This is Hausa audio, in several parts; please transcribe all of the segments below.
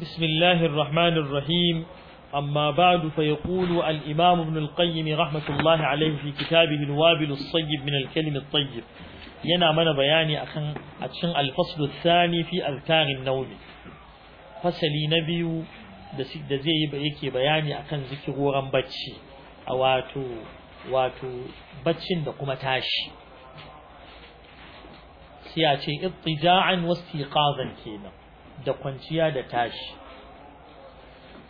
بسم الله الرحمن الرحيم أما بعد فيقول الإمام ابن القيم رحمة الله عليه في كتابه الوابل الصيب من الكلم الطيب ينا من بياني أخن أتشن الفصل الثاني في أذكار النوم فسلي نبي da zai yi yake bayani akan zikiroran bacci a wato wato baccin da kuma tashi sai a ce ittija'an wastiqazan kenan da kwanciya da tashi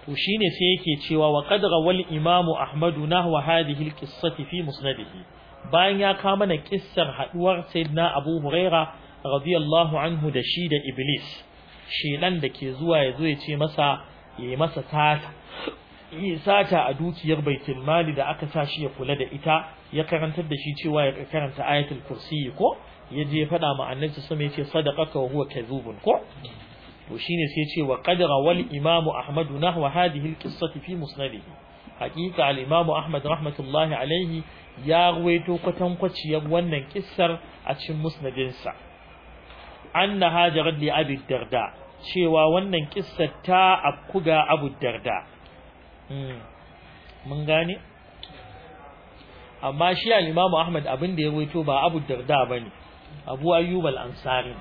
to shine sai yake cewa wa rawal imamu ahmadu nahwa hadhihi alqissati fi musnadihi bayan ya kawo mana kissar haduwar sayyidina abu huraira radiyallahu anhu da shi da iblis shedan da ke zuwa yazo ya ce masa yayi masa tata yi sata a dukiyar baitul mali da aka sa shi ya kula da ita ya karantar da shi cewa ya karanta ayatul kursi ko ya je faɗa ma annabi sai ya ce sadaqaka wa huwa kadhubun ko to shine sai ce wa qad rawal imamu ahmad nahwa hadhihi alqissati fi musnadihi haqiqa al-imamu ahmad rahmatullahi alayhi ya ruwaito kwatan kwatankwaciyar wannan kissar a cikin musnadinsa anna hajarat li abi darda cewa wannan kissar ta afkuga abu darda hmm. mun gane amma shi al-imamu ahmad abin da ya ruwaito ba abu darda bane abu ayyub al-ansari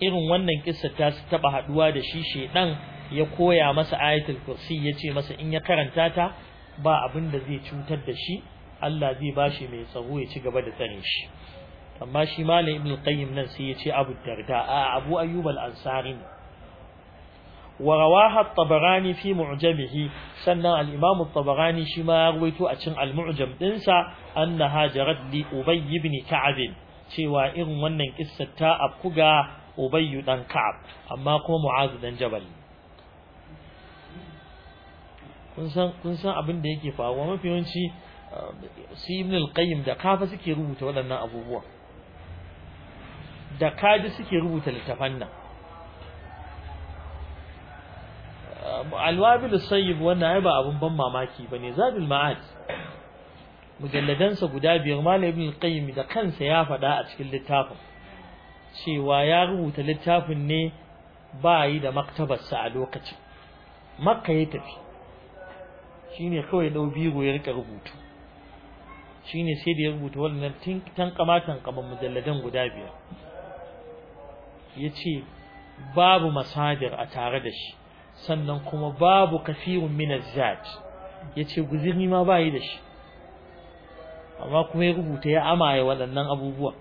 irin wannan kissa ta su taba haduwa da shi shedan ya koya masa ayatul kursi ce masa in ya karanta ta ba abin da zai cutar da shi Allah zai bashi mai tsaro ya ci gaba da tsare shi amma shi malam ibnu qayyim nan sai yace abu darda a abu ayyub al-ansari wa rawaha at-tabarani fi mu'jamihi sannan al-imam at-tabarani shi ma ya rawaito a cikin al-mu'jam sa annaha jarat li ubay ibn ka'ab cewa irin wannan kissa ta abkuga ubayyu dan ka'ab amma kuma mu'azu dan jabal kun san kun san abin da yake faruwa mafi yawanci uh, su ibn al-qayyim da kafa suke rubuta waɗannan abubuwa da kaji suke rubuta littafan nan uh, alwabil sayyib wannan ai ba abun ban mamaki bane zabil ma'ad mujalladansa guda biyar malam ibn al-qayyim da kansa ya faɗa a cikin littafin cewa ya rubuta littafin ne ba yi da maktabarsa a lokacin makka ya tafi Shi ne kawai dau biro ya rika rubutu Shi ne sai da ya rubuta wannan tan kamatan kaman mujalladan guda biyar Ya ce babu masadir a tare da shi sannan kuma babu kafirun min Ya ce guzirni ma ba yi da shi amma kuma ya rubuta ya amaye waɗannan abubuwa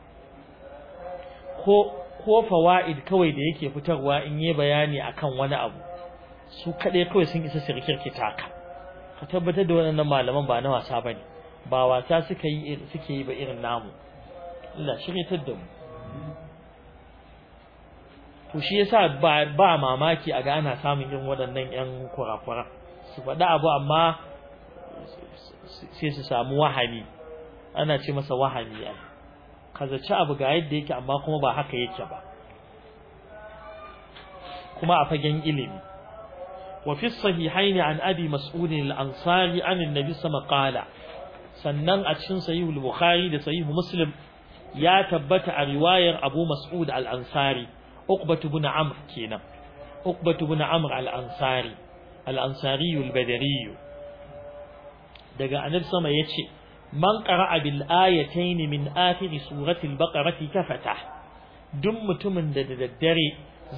ko ko fawaid kawai da yake fitarwa in yi bayani akan wani abu su kadai kawai sun isa su taka, ka tabbatar da wannan malaman ba na wasa bane ba wasa suka yi suke yi ba irin namu Allah shiryatar da mu to shi yasa ba mamaki a ga ana samun irin waɗannan ƴan kurakura su faɗi abu amma sai su samu wahani, ana ce masa wahani. ai ka zaci abu ga yadda yake amma kuma ba haka yake ba kuma a fagen ilimi wa fi sahihain an abi mas'ud al-ansari an annabi sama qala sannan a cikin sahihul bukhari da sahih muslim ya tabbata a riwayar abu mas'ud al-ansari uqbatu ibn amr kenan Uqba ibn amr al-ansari al-ansari al-badri daga annabi sama yace man qara'a bil ayatayn min akhir surati al-baqarati kafata duk mutumin da da daddare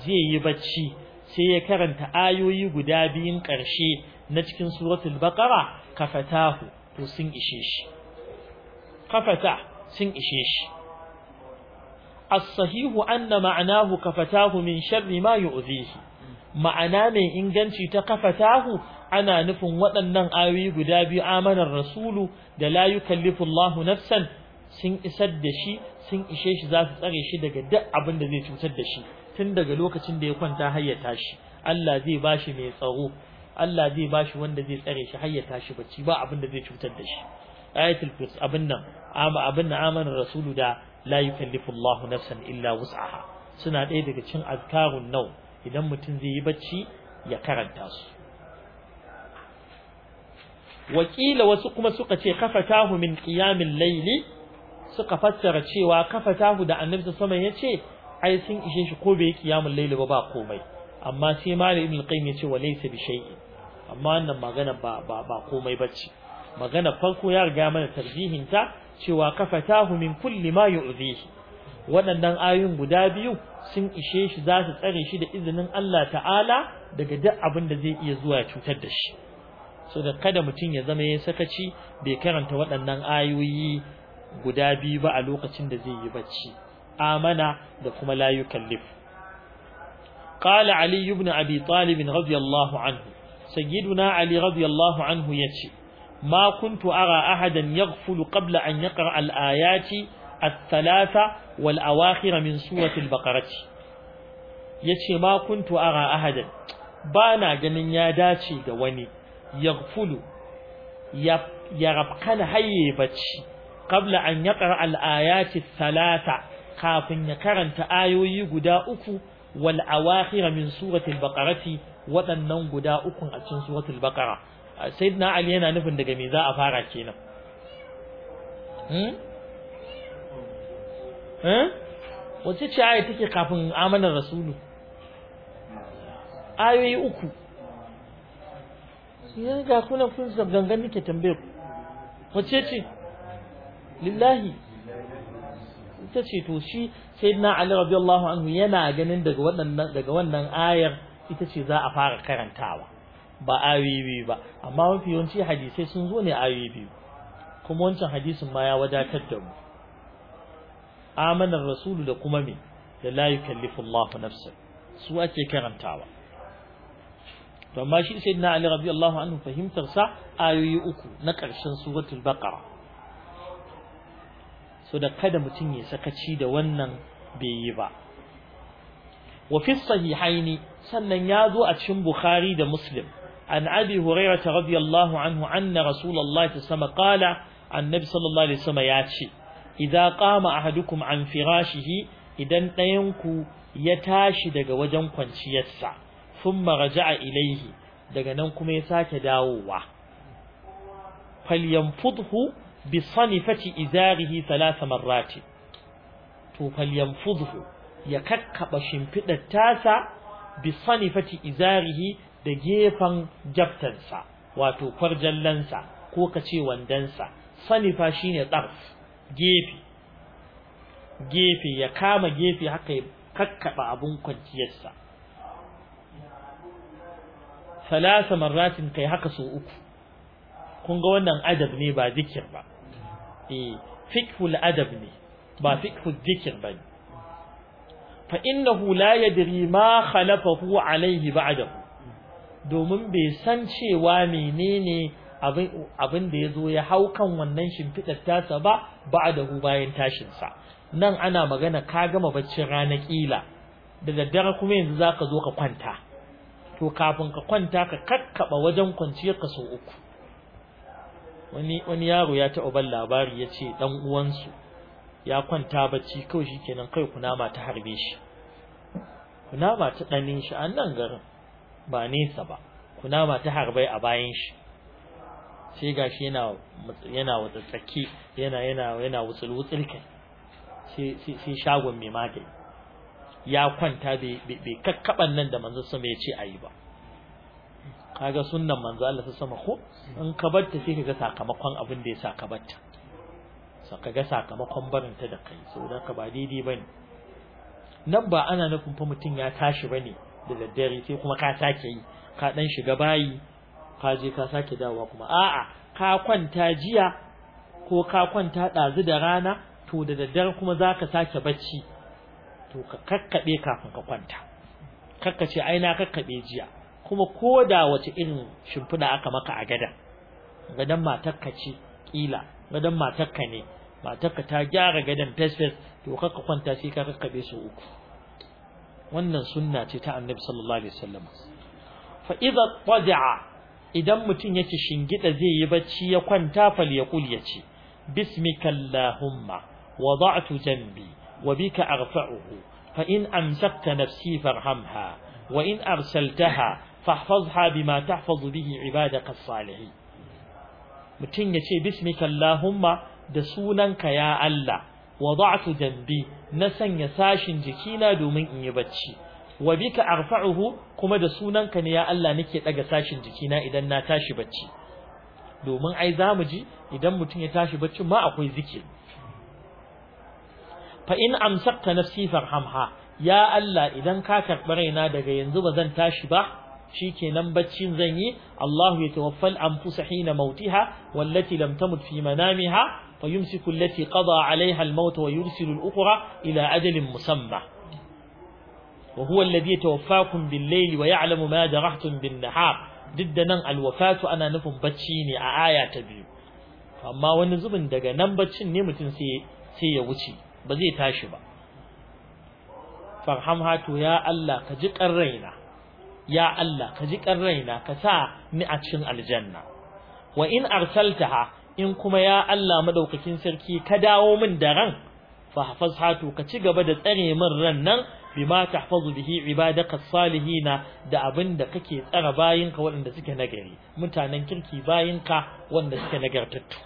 zai yi bacci sai ya karanta ayoyi guda biyun ƙarshe na cikin suratul baqara kafatahu to sun ishe shi kafata sun ishe shi as-sahihu anna ma'anahu kafatahu min sharri ma yu'dhihi ma'ana mai inganci ta kafatahu ana nufin waɗannan ayoyi guda biyu amanar rasulu da la yukallifu Allahu nafsan sun isar da shi sun ishe shi za su tsare shi daga duk abin da zai cutar da shi tun daga lokacin da ya kwanta hayyata shi, Allah zai ba shi mai tsaro Allah zai ba shi wanda zai tsare shi hayyata shi, bacci ba abin da zai cutar da shi ayatul kursi abin nan abin nan amanar rasulu da la yukallifu Allahu nafsan illa wus'aha suna ɗaya daga cikin azkarun nau idan mutum zai yi bacci ya karanta su wakila wasu kuma suka ce kafatahu min qiyamil layli suka fassara cewa kafatahu da annabi sama ya ce ai sun ishe shi ko bai qiyamul layli ba ba komai amma sai malik ibn qayyim ya ce wa laysa bi shay'in amma wannan magana ba ba, ba komai bace magana farko ya riga mana tarjihin ta cewa kafatahu min kulli ma yu'dhihi waɗannan ayoyin guda biyu sun ishe shi za su tsare shi da izinin Allah ta'ala daga duk abin da zai iya zuwa ya cutar da shi so da kada mutum ya zama ya sakaci bai karanta waɗannan ayoyi guda biyu ba a lokacin da zai yi bacci amana da kuma la yukallif qala ali ibn abi talib radiyallahu anhu sayyiduna ali radiyallahu anhu yace ma kuntu ara ahadan yaghfulu qabla an yaqra al ayati min surati al baqarah yace ma kuntu ara ahadan bana ganin ya dace da wani. yaghfulu ya rabkana hayye bacci kabla an yaqra al-ayati kafin ya karanta ayoyi guda uku wal min suratul baƙarati, waɗannan guda uku a cikin suratul baqara ah, na ali yana nufin daga mai za a fara kenan hmm eh ce aya take kafin amanar rasulu ayoyi uku sai ga kuna kun gangan nake tambaye ku wace ce lillahi ita ce to shi sayyidina ali radiyallahu anhu yana ganin daga wannan daga wannan ayar ita ce za a fara karantawa ba ayoyi ba amma mafi yawanci hadisai sun zo ne ayoyi biyu kuma wancan hadisin ma ya wadatar da mu amanar rasulu da kuma me da la yukallifu Allah nafsa su ake karantawa to amma shi sayyidina ali radiyallahu anhu fahimtar sa ayoyi uku na ƙarshen suratul baqara so da kada mutum ya sakaci da wannan bai yi ba wa fi sannan ya zo a cikin bukhari da muslim an abi hurairah radiyallahu anhu anna rasulullahi sallallahu alaihi wasallam qala annabi sallallahu alaihi wasallam ya ce idza qama ahadukum an firashihi idan ɗayanku ya tashi daga wajen kwanciyarsa ثم رجع ilaihi, daga nan kuma ya sake dawowa yanfudhu bi sanifati izarihi thalatha marrati to yanfudhu ya kakkaba shimfidar tasa bi sanifati izarihi da gefan jaftansa wato farjallansa, ko kace wandansa sanifa shine tsarf gefe gefe ya kama gefe haka ya kakkaba abun kwanciyarsa salasa marratin kai haka so uku kun ga wannan adab ne ba zikir ba eh fikhul adab ne ba fikhul zikir ba fa innahu la yadri ma khalafahu alayhi ba'da domin bai san cewa menene abin abin da yazo ya hau kan wannan shimfidar tasa ba dahu bayan tashin sa nan ana magana ka gama baccin rana kila da daddare kuma yanzu zaka zo ka kwanta to kafin ka kwanta ka kakkaba wajen kwanciyar ka sau uku wani wani yaro ya taɓa ban labari ya ce ɗan uwansu ya kwanta bacci kawai shi kenan kai kunama ta harbe shi kunama ta ɗanin shi a nan garin ba nesa ba kunama ta harbe a bayan shi sai gashi yana yana tsaki, yana yana yana wutsul wutsul kai sai sai shagon mai magani ya kwanta bai kakkaban nan da manzo sama ya ce ayi ba kaga sunnan manzo Allah sama ko in ka barta sai kaga sakamakon abin da ya saka barta saka ga sakamakon barin ta da kai saboda ka ba daidai bane nan ba ana nufin fa mutun ya tashi bane da daddare sai kuma ka sake yi ka dan shiga bayi ka je ka sake dawowa kuma a'a ka kwanta jiya ko ka kwanta dazu da rana to da daddare kuma zaka sake bacci to ka kakkabe kafin ka kwanta kakkace ai na kakkabe jiya kuma koda wace irin shimfida aka maka a gadan gadan matarka ce kila gadan matarka ne matarka ta gyara gadan fesfes to kakka kwanta sai ka kakkabe su uku wannan sunna ce ta annabi sallallahu alaihi wasallam fa idza taja'a idan mutun yake shingida zai yi bacci ya kwanta fal ya ce bismikallahumma wada'tu janbi وبك أرفعه فإن أمسكت نفسي فارحمها وإن أرسلتها فاحفظها بما تحفظ به عبادك الصالحين mutum ya ce bismika Allahumma da sunanka ya Allah wada'tu dambi na sanya sashin jikina domin in yi bacci wa bika arfa'uhu kuma da sunanka ne ya Allah nake ɗaga sashin jikina idan na tashi bacci domin ai zamu ji idan mutum ya tashi bacci ma akwai zikiri fa in na nafsi farhamha ya Allah idan ka karɓi raina daga yanzu ba zan tashi ba shi shikenan baccin zan yi Allahu ya tawaffa al-anfus hina mautiha wallati lam tamut fi manamiha fa yumsiku allati qada 'alayha al-maut wa yursilu al-ukhra ila ajalin musamma wa huwa alladhi yatawaffakum bil-layli wa ya'lamu da jarahtum bin-nahar diddanan al-wafatu ana nufin bacci ne a aya ta biyu amma wani zubin daga nan baccin ne mutum sai ya wuce ba zai tashi ba Farham Hato ya Allah ka ji raina ya Allah ka ji raina ka sa ni a cikin aljanna wa in arsaltaha in kuma ya Allah madaukakin sarki ka dawo min da ran fa ka ci gaba da tsare min ran nan bima tahfazu bihi ibadaka salihina da abinda kake tsara ka waɗanda suke nagari mutanen kirki ka waɗanda suke nagartattu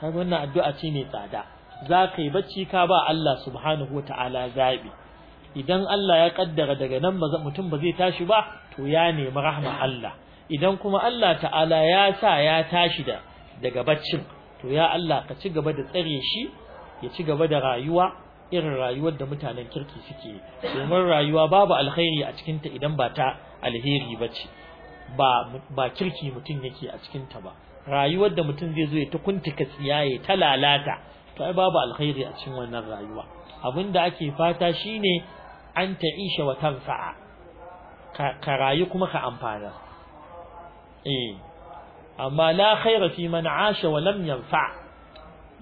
kaga wannan addu'a ce mai tsada za ka yi bacci ka ba Allah subhanahu wa ta'ala zaɓi idan Allah ya ƙaddara daga nan mutum ba zai tashi ba to ya nemi rahma Allah idan kuma Allah ta'ala ya sa ya tashi da daga baccin to ya Allah ka ci gaba da tsare shi ya ci gaba da rayuwa irin rayuwar da mutanen kirki suke domin rayuwa babu alkhairi a cikin idan ba ta alheri bace ba ba kirki mutum yake a cikin ba rayuwar da mutum zai zo ya ta ka tsiyaye ta lalata to ai babu alkhairi a cikin wannan rayuwa abinda ake fata shine an ta'isha wa tanfa'a ka rayu kuma ka amfana eh amma la khaira fi man 'asha wa lam yanfa'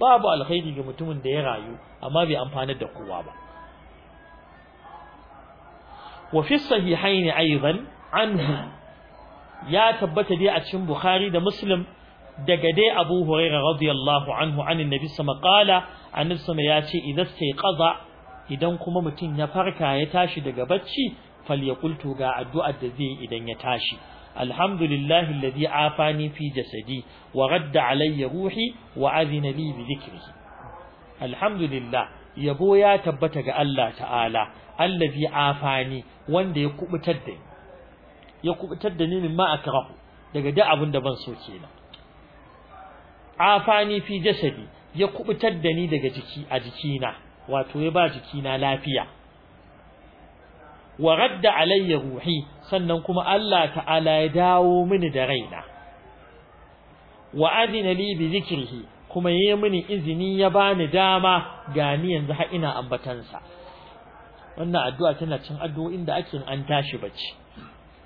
babu alkhairi ga mutumin da ya rayu amma bai amfana da kowa ba wa fi sahihaini aidan anhu ya tabbata dai a cikin bukhari da muslim daga dai Abu huraira radiyallahu anhu anin Nabi sama qala sama ya ce idan sai qaza idan kuma mutum ya farka ya tashi daga bacci ya to ga addu'ar da zai idan ya tashi alhamdulillahi alladhi afani fi jasadi wa radda alayya ruhi wa adhina li bi dhikrihi alhamdulillah yabo ya tabbata ga Allah ta'ala allazi afani wanda ya kubutar da ni ya kubutar da ni mimma akrahu daga duk abin da ban so kenan afani fi jasadi ya kubutar da ni daga jiki a jikina wato ya ba jikina lafiya wa radda alayya ruhi sannan kuma Allah ta'ala ya dawo mini da raina wa adina li bi zikrihi kuma yayi mini izini ya bani dama gani yanzu har ina ambatansa wannan addu'a tana cin addu'o'in da ake an tashi bacci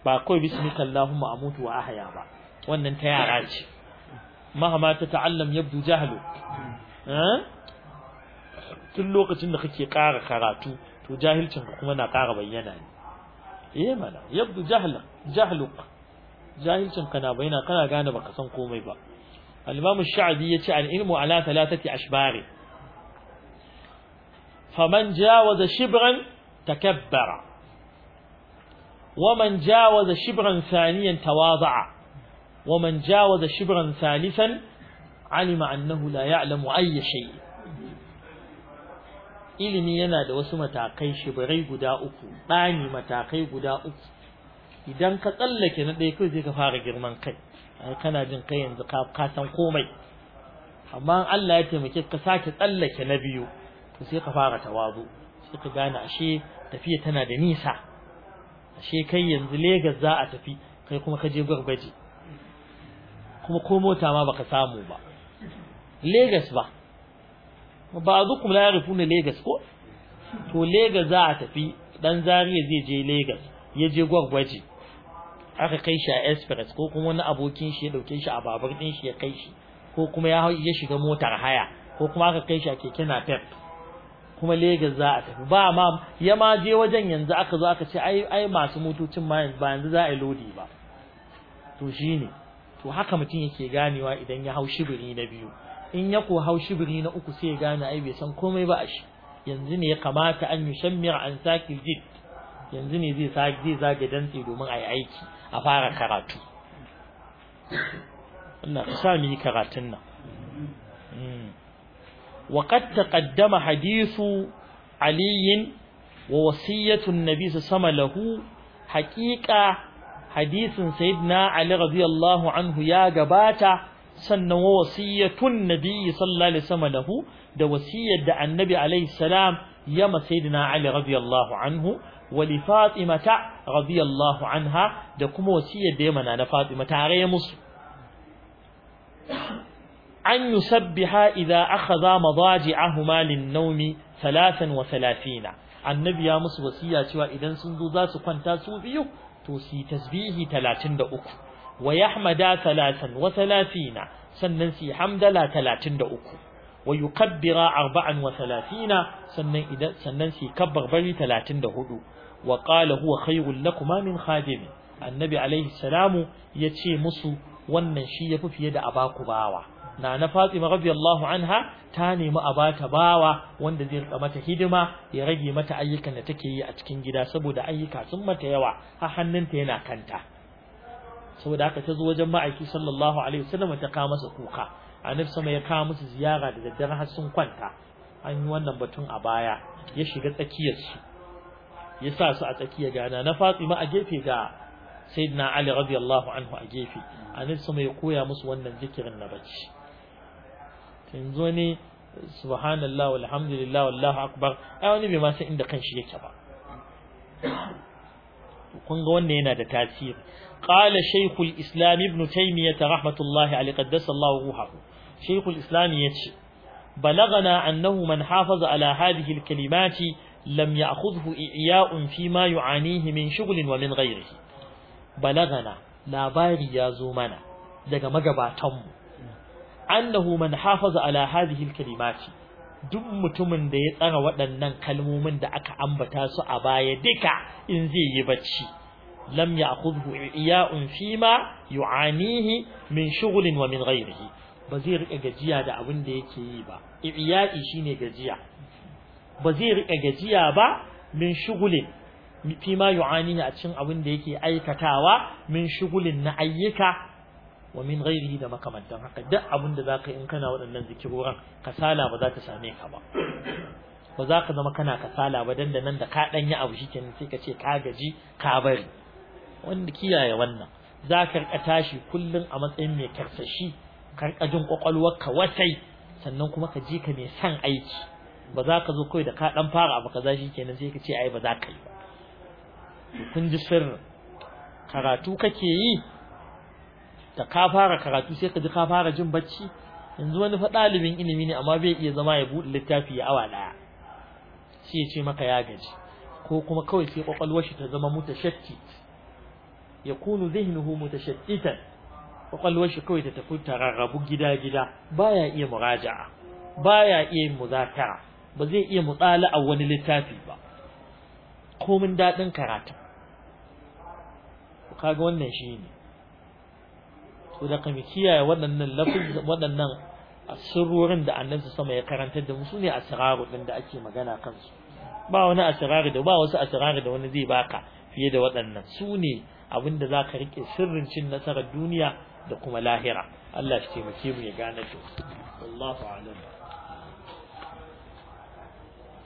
ba kawai bismillahumma amutu wa ahya ba wannan ta yara ce مهما تتعلم يبدو جهلك كل لوقت انك كي قاغ قراتو تو جاهلتك كما نا قاغ بينا ايه مانا يبدو جهلا جهلك جاهلتك كنا بينا كنا غانا بك سن كومي با الامام الشعبي يتي عن علم على ثلاثه اشبار فمن جاوز شبرا تكبر ومن جاوز شبرا ثانيا تواضع ومن جاوز شبرا ثالثا علم أنه لا يعلم أي شيء ilimi yana da wasu matakai shibirai guda uku ɗani matakai guda uku idan ka tsallake na ɗaya kai zai ka fara girman kai kana jin kai yanzu ka san komai amma Allah ya taimake ka sake tsallake na biyu to sai ka fara tawazu sai ka gane ashe tafiya tana da nisa ashe kai yanzu Legas za a tafi kai kuma ka je Gwarbaji kuma ko mota ma baka samu ba Lagos ba Ba ba'dukum la yarifuna Lagos ko to Lagos za a tafi dan Zariya zai je Lagos ya je gwargwaje aka kai shi a express ko kuma wani abokin shi ya dauke shi a babur din shi ya kai shi ko kuma ya ya shiga motar haya ko kuma aka kai shi a keke napep kuma Lagos za a tafi ba ma ya ma je wajen yanzu aka zo aka ce ai ai masu motocin ma yanzu ba yanzu za a yi lodi ba to shine to haka mutum yake ganewa idan ya hau shibiri na biyu in ya ko hau shibiri na uku sai ya gane ai bai san komai ba a shi yanzu ne ya kamata an yi shammir an saki jid yanzu ne zai zai zage dantse domin a yi aiki a fara karatu Allah ka sa mu yi karatun nan وقد hmm. تقدم aliyin wa ووصية wa صلى الله عليه وسلم lahu, haqiqa hadisin sayyidina ali radiyallahu anhu ya gabata sannan wa wasiyatun nabi sallallahu alaihi wasallam lahu da wasiyar da annabi alaihi salam ya ma sayyidina ali radiyallahu anhu wa li fatimata radiyallahu anha da kuma wasiyar da ya mana na fatima tare musu an yusabbiha idza akhadha madaji'ahuma lin-nawmi 33 annabi ya musu wasiya cewa idan sun zo za su kwanta su biyu to su tasbihi uku wa yahmada 33 wa 30 sannan su hamdala 33 wa yukabbira arba'an sannan idan sannan su kabbarbari 34 wa ƙala huwa khayrul lakuma min khadim annabi alaihi salamu ce musu wannan shi yafi fiye da abaku bawa na na Fatima radiyallahu anha ta nemi a bata bawa wanda zai rika mata hidima ya rage mata ayyukan da take yi a cikin gida saboda ayyuka sun mata yawa a hannunta yana kanta saboda haka ta zo wajen ma'aiki sallallahu alaihi wasallam ta ka masa kuka annabi sama ya kawo musu ziyara da daddare har sun kwanta an yi wannan batun a baya ya shiga tsakiyarsu. su ya sa su a tsakiya ga na na Fatima a gefe ga Sayyidina Ali radiyallahu anhu a gefe annabi sama ya koya musu wannan zikirin na bacci yanzu wani subhanallah walhamdulillah wallahu akbar ai wani bai ma san inda kanshi yake ba kun ga wannan yana da tasiri qala shaykhul islam ibn ta rahmatullahi alayhi qaddasallahu ruhahu shaykhul islam yace balagana annahu man hafaza ala hadhihi alkalimati lam ya'khudhu i'ya'un fi ma yu'anihi min shughlin wa min ghayrihi balagana labari ya zo mana daga magabatanmu annahu man hafaza ala hadhihi alkalimati duk mutumin da ya tsara waɗannan kalmomin da aka ambata su a baya duka in zai yi bacci lam ya'khudhu iya'un fima yu'anihi min shughlin wa min ghayrihi ba zai rika gajiya da abin da yake yi ba iya'i shine gajiya ba zai rika gajiya ba min shughlin fima yu'anihi a cikin abin da yake aikatawa min shughlin na ayyuka wa min ghairihi da makamantan haka duk abin da zaka in kana waɗannan zikiroran kasala ba za ta same ka ba ba za ka zama kana kasala ba dan da nan da ka dan yi abu shikenan sai ka ce ka gaji ka bari wanda kiyaye wannan za ka rika tashi kullun a matsayin mai karsashi ka rika jin ka wasai sannan kuma ka ji ka mai san aiki ba za ka zo kawai da ka dan fara abu kaza shikenan sai ka ce ai ba za ka yi ba kun ji sirrin karatu kake yi da ka fara karatu sai ka ji ka fara jin bacci yanzu wani fa ɗalibin ilimi ne amma bai iya zama ya buɗe littafi ya awa daya shi ya ce maka ya gaji ko kuma kawai sai kwakwalwar shi ta zama mutashakkit ya kunu zihnuhu mutashattitan kwakwalwar shi kawai ta tafi tararrabu gida gida baya iya muraja'a baya iya muzakara ba zai iya mutsala a wani littafi ba komin daɗin karatu Ka ga wannan shi ne. to da kami kiyaye waɗannan lafiz waɗannan sirrorin da annabi sama ya karantar da mu sune ne din da ake magana kansu ba wani asraru da ba wasu asraru da wani zai baka fiye da waɗannan sune ne abinda zaka rike sirrin cin nasarar duniya da kuma lahira Allah shi taimake mu ya gane to allahu a'lam